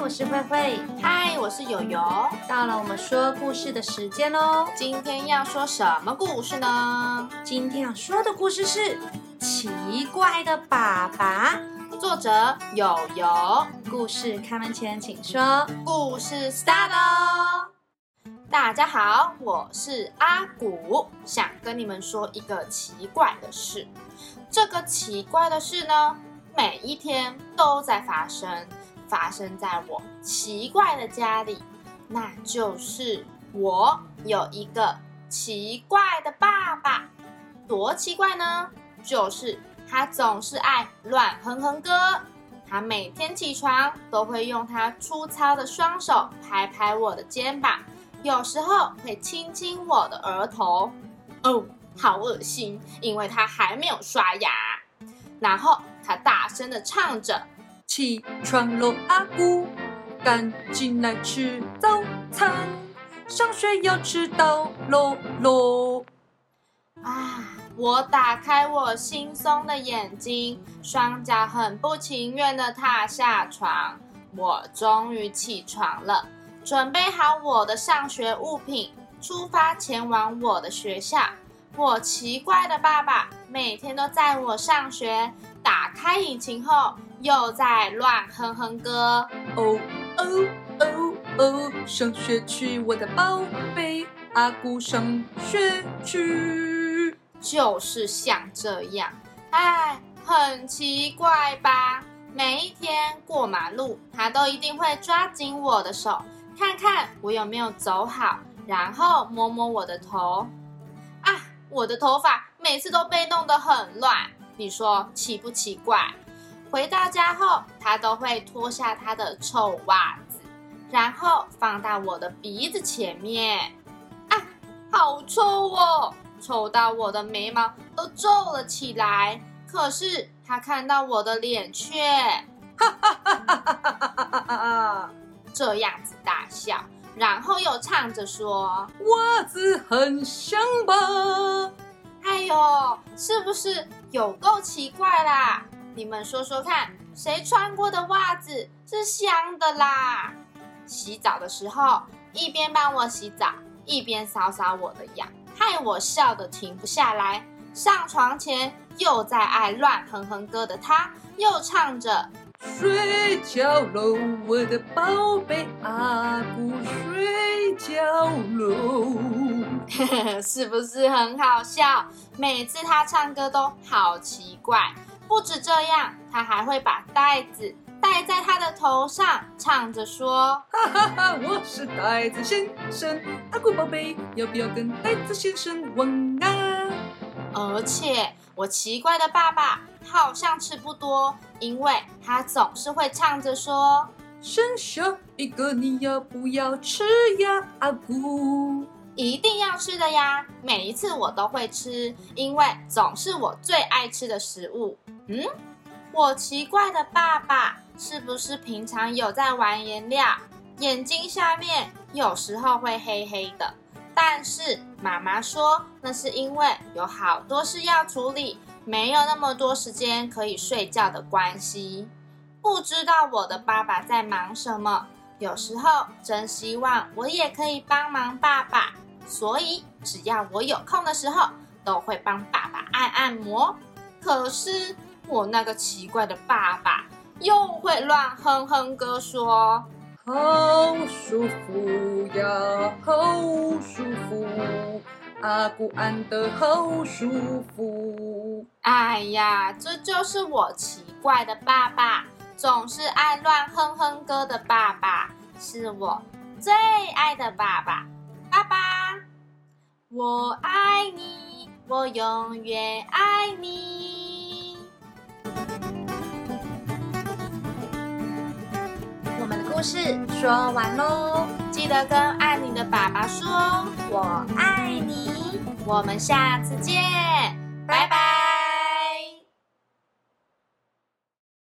我是卉卉，嗨，我是有油。到了我們說故事的時間嘍，今天要說什麼故事呢？今天要說的故事是《奇怪的爸爸》，作者有油。故事開門前，請說。故事 start 哦。大家好，我是阿古，想跟你們說一個奇怪的事。這個奇怪的事呢，每一天都在發生。發生在我奇怪的家裡，那就是我有一個奇怪的爸爸。多奇怪呢？就是他總是愛亂哼哼歌。他每天起床都會用他粗糙的雙手拍拍我的肩膀，有時候會親親我的額頭。哦，好噁心，因為他還沒有刷牙。然後他大聲的唱着。起床嘍，阿古，趕緊來吃早餐，上學要遲到了咯咯！啊，我打開我惺忪的眼睛，雙腳很不情願地踏下床，我終於起床了，準備好我的上學物品，出發前往我的學校。我奇怪的爸爸每天都載我上學，打開引擎後又在亂哼哼歌。哦哦哦哦，上學去，我的寶貝阿古，上學去，就是像這樣。哎，很奇怪吧？每一天過馬路，他都一定會抓緊我的手，看看我有沒有走好，然後摸摸我的頭。我的頭髮每次都被弄得很亂，你說奇不奇怪？回到家後，他都會脫下他的臭襪子，然後放到我的鼻子前面。啊，好臭哦！臭到我的眉毛都皺了起來。可是他看到我的臉卻，卻哈哈哈哈哈哈，這樣子大笑。然後又唱着說襪子很香吧，哎呦，是不是有夠奇怪啦？你們說說看，誰穿過的襪子是香的啦？洗澡的時候，一邊幫我洗澡，一邊搔搔我的癢，害我笑得停不下來。上床前又在愛亂哼哼歌的他，又唱着。睡覺嘍，我的寶貝阿古睡覺嘍。 是不是很好笑？每次他唱歌都好奇怪。不止這樣，他還會把袋子戴在他的頭上，唱着說：哈哈哈，我是袋子先生，阿古寶貝，要不要跟袋子先生玩啊？而且。我奇怪的爸爸好像吃不多，因為他總是會唱着說：“剩下一個你要不要吃呀？”阿古一定要吃的呀，每一次我都會吃，因為總是我最愛吃的食物。嗯，我奇怪的爸爸是不是平常有在玩顏料？眼睛下面有時候會黑黑的。但是媽媽說，那是因為有好多事要處理，沒有那麼多時間可以睡覺的關係。不知道我的爸爸在忙什麼，有時候真希望我也可以幫忙爸爸。所以只要我有空的時候，都會幫爸爸按按摩。可是我那個奇怪的爸爸又會亂哼哼歌說。好舒服呀，好舒服，阿古安的好舒服。哎呀，這就是我奇怪的爸爸，總是愛亂哼哼歌的爸爸，是我最愛的爸爸。爸爸，我愛你，我永遠愛你。故事說完嘍，記得跟愛你的爸爸說哦，“我愛你”，我們下次見。